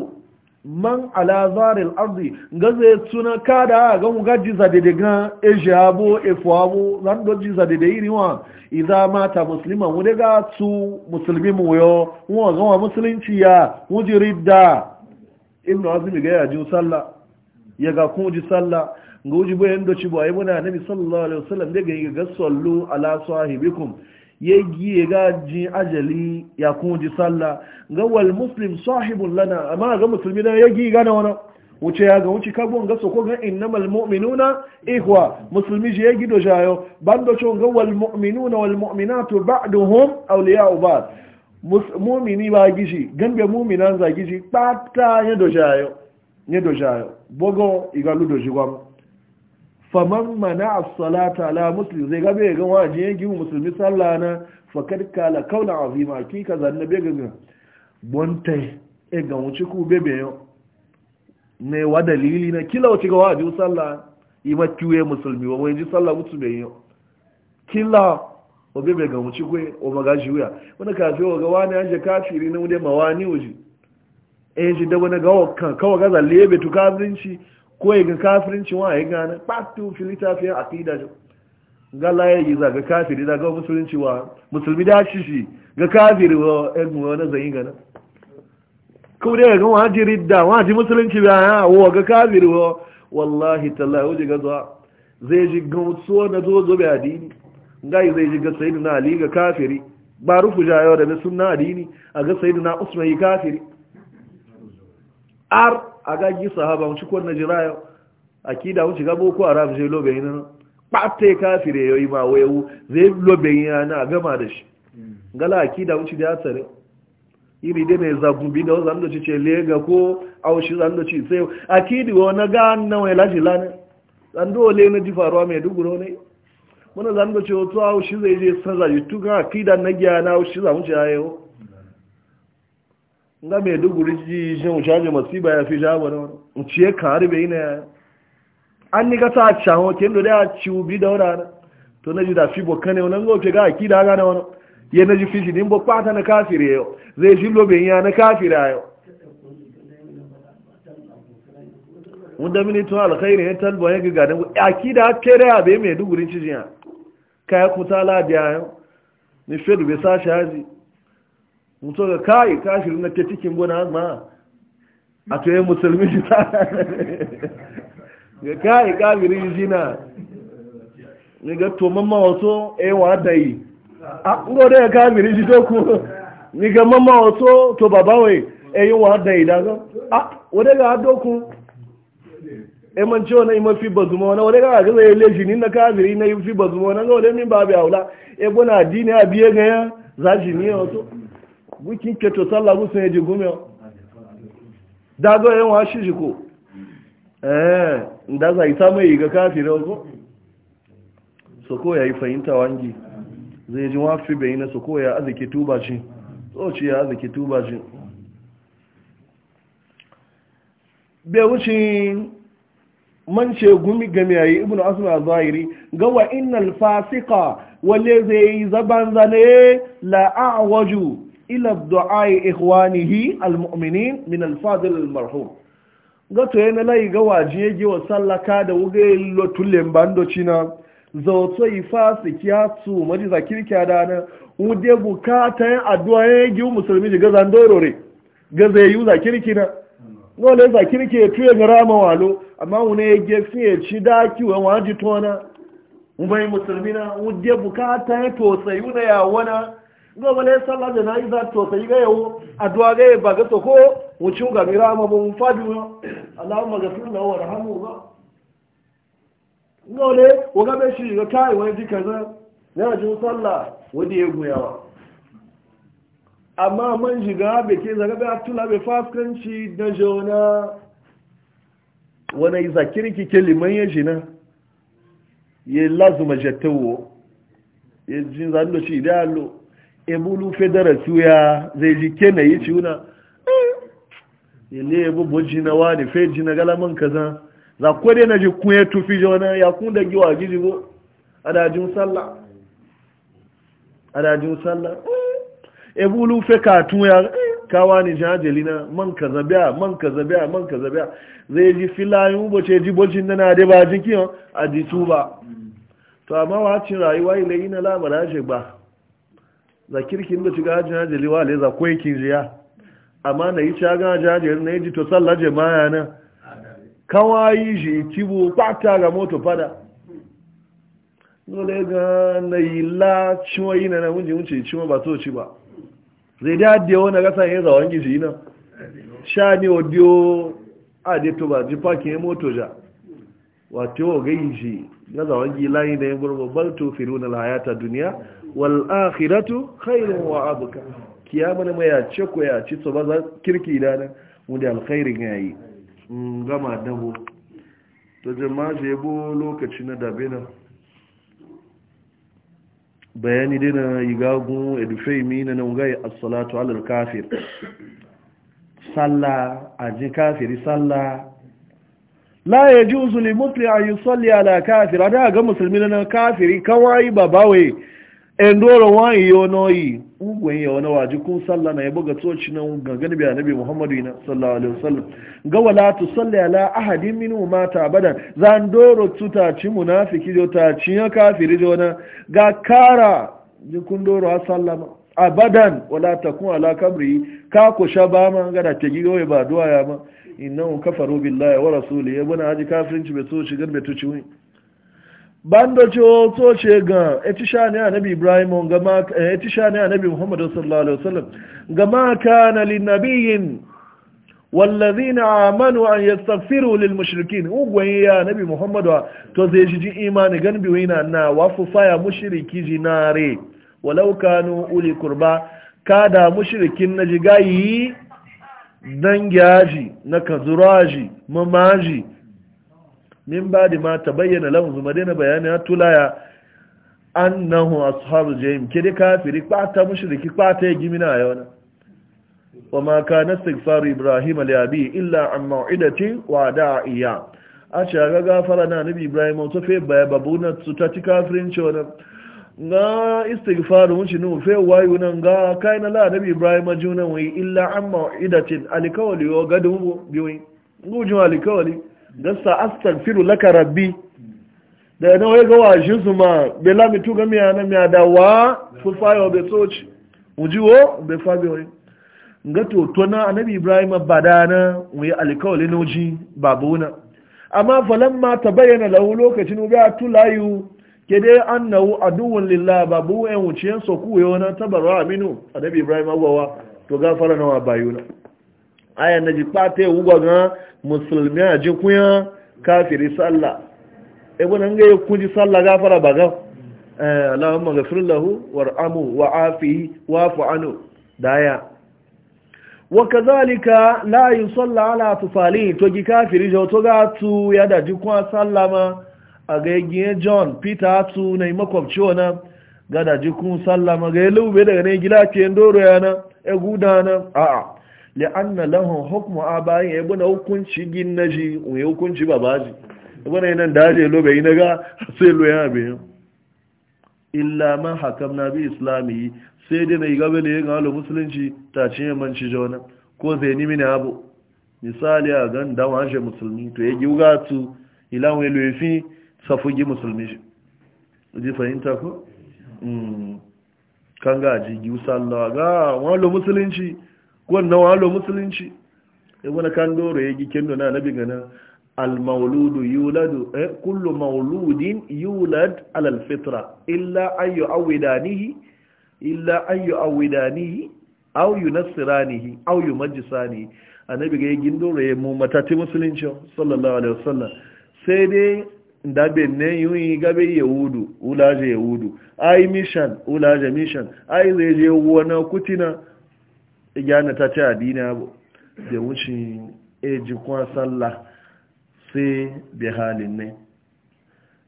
man alazarar arzi ga zai tuna kada ga mu jiza zadede ga eje abo efo abo zan do jiza daidai iri wa idza mata musulima wude ga tu musulmi mu yo mu gawa musulunci ya wujirida ji ridda ibnu ga ya ji sallah ya ga kun ji sallah ga uji bayan da ci ba yi muna nabi sallallahu alaihi wasallam daga yi ga sallu ala sahibikum ya giye ga ji ajali ya kun ji sallah ga wal muslim sahibun lana amma ga musulmi na ya gi ga na wani wuce ya ga wuce kabon ga soko ga innamal mu'minuna ihwa musulmi je ya gido jayo bando chon ga wal mu'minuna wal mu'minatu ba'duhum awliya'u ba'd mu'mini ba gishi gambe mu'minan za gishi ta ya do jayo ne do jaya bogo igalu doji gwam faman mana as-salata ala muslim zai gabe ga waje gimu musulmi sallah na fakad kala kauna azima ki ka zanna be ga bonta e ga wuce ku bebe yo ne wa dalili na kila wuce ga waje sallah yi ma kiwe musulmi wa wani sallah mutu be yo kila o bebe ga wuce ku o magaji wuya wani ka wa ga wani je kafiri na wude mawani wuji eh shi da wani gawa kan kawa gaza lebe tu kafirinci ko ya ga kafirinci wa ya gane patu filita fiye a kida shi gala ya yi zaga kafiri ga musulunci wa musulmi da shi shi ga kafiri wa ɗan wani zai gana kawai daga gan ji ridda ji musulunci ba ya wa ga kafiri wa wallahi tallahi wajen ga zuwa zai ji gamsuwa na zo zo bai adini yi zai ji ga sayidu na ali ga kafiri ba rufu jayo da bai sunna adini a ga sayidu na usman yi kafiri ar agagisaha sahaba mu cikon yau akida mu shiga boko haram je lobe yin pate kafire yoyi ma wewu zai lobe yin na gama da shi gala akida mu ci da tsare iri dai mai zagubi da wanda ci ce lega ko aushi zanda ci sai akidi wo na ga na wai laji lana zando le na ji faruwa mai duguro ne muna zanda otu aw shi zai je sarra yutuka akida na gyana aushi zamu ci ayo nga mai duguri ji jin shaje masiba ya fi jabo na in ciye kan harbe ina ya an ni gata a can hoke ndo da ya ci ubi da wura na to na ji da fi bokka ne wannan gobe ga akida ga na wani ya na ji fi shi din bokka ta na kafire yau zai shi lobe ya na kafira yau wanda mini tun alkhairi ya talba ya ga gadan akida kere ya bai mai duguri ci jiya kaya kuta labiya yau ni fedu bai sashi haji mutu ga kai kashi na ta cikin gona ma a to yi musulmi shi ta ga kai kafiri shi na ni ga to mamma wato ewa eh, dai a ngo da kabiri shi to ku ni ga mamma wato to babawai eyi eh, wa dai da ga a wada ga doku e eh, man ciwo na imafi bazuma wani wani ga gaza ya leshi ni na kabiri na yi fi bazuma wani ga wani min babu aula e bona dini a biye ga ya za shi ni wato wikin keto sallah musu ya ji gumiyo dago yin wa shi ko eh da za yi samun yi ga kafirai wasu so ko ya yi fahimta wangi zai ji wa bai na so ko ya azike tuba shi ci ya azike tuba shi bai wuce man ce gumi game yayi ibnu asma zahiri gawa wa innal fasiqa wale zai yi zaban zane la waju? ila du'ai ikhwanihi almu'minin min alfadil almarhum gato yana lai ga waje wa sallaka da wuge lotulen bando china zauto ifasi kiyatsu maji zakirkiya da na wude bukata yin addu'a yin gi musulmi ji gaza ndorore gaza yi zakirki na ngole zakirki ya tuye ga rama walo amma wune ya gefi ya e ci daki wa waji tona umai musulmi na wude bukata yin tosayi wuna ya gaba ne sallah da nayi za to sai ga yau addu'a ga ba ga to ko mu ci ga mira ma mun fadi Allahumma ghafir lahu warhamhu ga ngole wa ga bai shi ga kai wani dika za na ji sallah wadi ya goyawa amma man shiga be ke zaga be tula be faskanci da jona wani zakirki keliman ya jina ya lazuma jattawo ya jin zan da shi da allo emulu fedara tuya zai ji kena yi ciuna ile eh, ebo boji na wani feji na galaman kaza za dai na ji kun ya tufi jona ya kun da giwa gidi a dajin sallah dajin sallah eh, ebulu fe ka tuya eh, kawa ni jajeli na man kaza biya man kaza biya man kaza biya zai ji filayen boce ji bocin na da ba jikin a ji ba to amma wacin rayuwa ile yi na lamara ba za kirkin da shiga hajji hajji liwa za kwai jiya amma na yi caga hajji hajji na yi jito sallah jama'a na kawai shi tibo kwata ga moto fada dole ga na yi la ciwo yi na na wunji wunci ciwo ba so ci ba zai da adiyo wani gasa yin zawon gishi na sha ne odiyo a dai to ba ji fakin moto ja wato ga yi shi ga zawon gila yi na yi gurbabar to firu na hayata duniya wal akhiratu khairun wa abka kiyama ne ya ce ko ya ci so ba za kirki da nan mu da alkhairin yayi gama dabo to jama'a je bo lokaci na dabe na bayani dai na yigagun edufemi na nan gai as-salatu al kafir sallah ji kafiri sallah la ya ji usuli musli ayi salli ala kafir a da ga musulmi na kafiri kawai babawe endoro wa iyo noyi ugwe ya wani waji kun sallah na yabo ga tsoci na gangan bi annabi muhammadu na sallallahu alaihi wasallam ga wala tu salli ala ahadin minhum mata abadan zan doro tuta ci munafiki jo ta ci ya kafiri jo na ga kara ji kun doro sallama abadan wala takun ala kabri ka ku shaba ma ga da tegi yoyi ba duwa ya ma innahu kafaru billahi wa rasulihi yabuna aji kafirin ci be tsoci gan be tuci bando ci o so ce ga etishani anabi ibrahim ga ma etishani anabi muhammad sallallahu alaihi wasallam ga ma kana lin nabiyin wallazina amanu an yastaghfiru lil mushrikin ugwe ya nabi muhammad to zai ji ji imani gan bi wina na wafu faya mushriki jinare walau kanu uli kurba kada mushrikin na jigayi dan gaji na kazuraji mamaji min ba da ma ta bayyana lahun zuma daina bayani tulaya annahu ashabu jayim kidi kafiri kpata mushriki kpata ya gimina yana wa ma na istighfar ibrahim aliyabi illa an mau'idati wa da a iya. A shaga gafara na nabi ibrahim to fe baya babu su ta ci kafirin wani ga istighfar mun shinu fe wayu nan ga kaina la nabi ibrahim juna wai illa an mau'idatin alikawali wa gadu biwi ngujin alikawali sa gasa astaghfiru laka rabbi da yana wai ga washin su ma bela mitu ga miya na miya da wa su fayo be tsoci ujiwo be fabe wai ga to na anabi ibrahim na badana wai alkawli babu na amma ma falamma tabayyana lahu lokacin ga tulayu kede annahu aduwwun lillah babu yan wuciyan so ku na tabarwa aminu anabi ibrahim agwawa to gafara nawa na. aya na ji kpata ewu gwagan musulmi a ji kafiri sallah ebe na nga ya kunji sallah gafara baga eh, allahumma ghafir lahu warhamu wa'afihi wa'fu anhu daya wa kadhalika la yusalla ala tufali to ji kafiri jo to ga tu ya da ji sallah ma a ga giye john peter atu na makwabci wana ga da ji sallah ma ga e lube daga ne gila ce ndoro ya yana e gudana a'a anna lahum hukmu abayin ya buna hukunci gin naji uye hukunci babaji bana yanan daje lo bai naga sai lo ya bai illa man hakamna bi islami sai dai nayi gabe ne ga lo musulunci ta ce man ci jona ko zai ni mini abu misali a gan da waje musulmi to ya giuga tu ila wani lo safu gi musulmi shi ji fahimta ko mm kan ga ji giusa Allah ga wani lo musulunci wannan walo musulunci ya wani kan doro ya gikin nuna na bigana almauludu yuladu eh kullu mauludin yulad alal fitra illa an yu'awidanihi illa an yu'awidanihi aw yunassiranihi aw yumajjisanihi annabi ga yin doro ya mu matati musulunci sallallahu alaihi wasallam sai dai da benin yi gabe yahudu ulaje yahudu ai mission ulaje mission ai zai je wani kutina gyana ta ce adina da wuce eji kuma sallah sai bi halin ne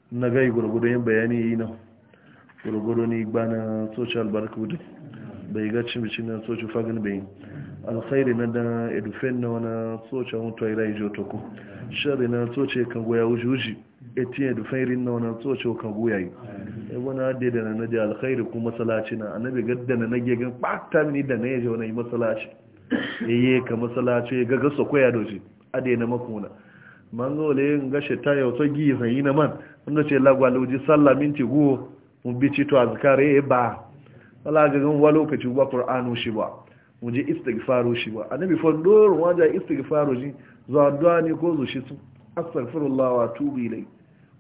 na gai gurgudu yin bayani yi na gurgudu ni gbana social barcode bai ga cimicin na social fagen bayan alkhairi na da edufen na wani tsoce mutu ila ijo toku shari na tsoce kan goya wuji wuji etin edufen rin na wani tsoce kan goya yi e wani adi da na naji alkhairi kuma masalaci na bai gadda na nage gan kpata mini da na yaje wani yi masalaci e yi ka masalaci e ya gaga so koya doji adi na makuna man gole yin gashe ta yau ta gi yi na man an da ce lauji sallah minti guwo mun bi ci to azkare ba wala ga gan wa lokaci ba qur'anu shi ba mu je istighfaru shi ba annabi fa doron wajen istighfaru shi za addu'a ne ko zushi su astaghfirullah wa tubu ilai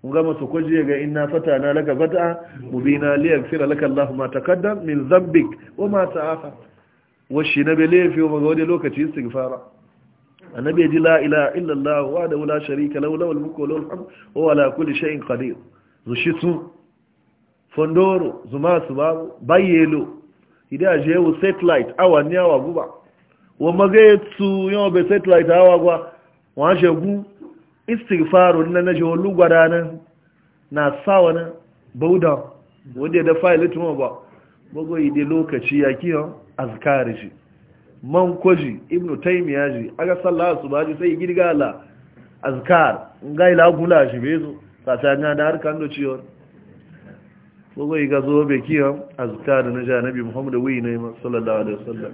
mu ga masu kwaje ga inna fata na laka fata mubina liyaghfira laka Allah ma taqaddam min zambik wa ma ta'afa wa shi na bele fi wa ga wani lokaci istighfara annabi ji la ilaha illa Allah wa da wala sharika lahu lahul mulku wa lahul hamd wa ala kulli shay'in qadir zushi su fondoro zuma su babu bayelo ide a je satellite awa ni awa guba wa maga tu yawa be satellite awa gwa wa je gu istighfaru na na je lu na na na bauda wanda da file tuma ba bago ide lokaci ya kiyo azkari shi man kwaji ibnu taymiya ji aga sallah subhaji sai girgala azkar ngai la gula shi bezo ta ta da harkar do zai ga zo bai a azka da na janabi muhammadu wai ne sallallahu alaihi wasallam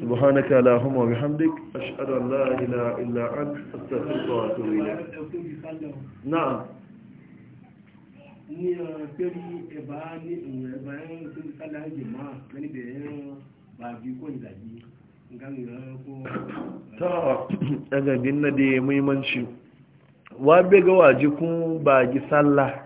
subhanaka la huma wa bihamdik ashhadu an la ilaha illa ant astaghfiruka wa atubu ilayk na'am ni a eh, kiri e eh, ba ni eh, ba bayan sun kala ma. Wani da yan ba bi ko ni zabi ngan ga ko ta daga binna da muhimmanci wa be ga wajibu ba gi sallah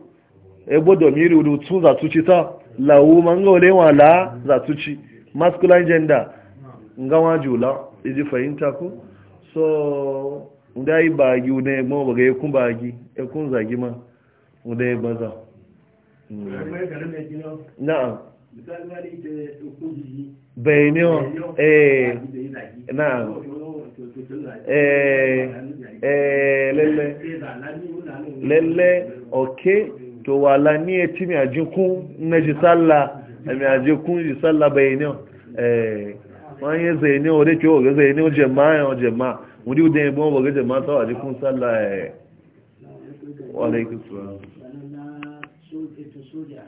ebo domiri urutu zatuchi ta lawu manga ole wala zatuchi masculine gender nga wajula iji fahimta ko so ndai bagi une mo baga yakun bagi yakun zagi ma udai baza mm. na'am bayani eh na'am eh eh okay to wala ni ya ci miyaji kun na ji salla a kun ji salla bai ne eh, wọ́n yẹ́ zai ní orí kí o gẹ́ zai ní oúnjẹ máa yàn oúnjẹ máa wọ́n dí ó dẹ́ ìbọn wọ́n gẹ́ jẹ máa sáwà jí kún sálà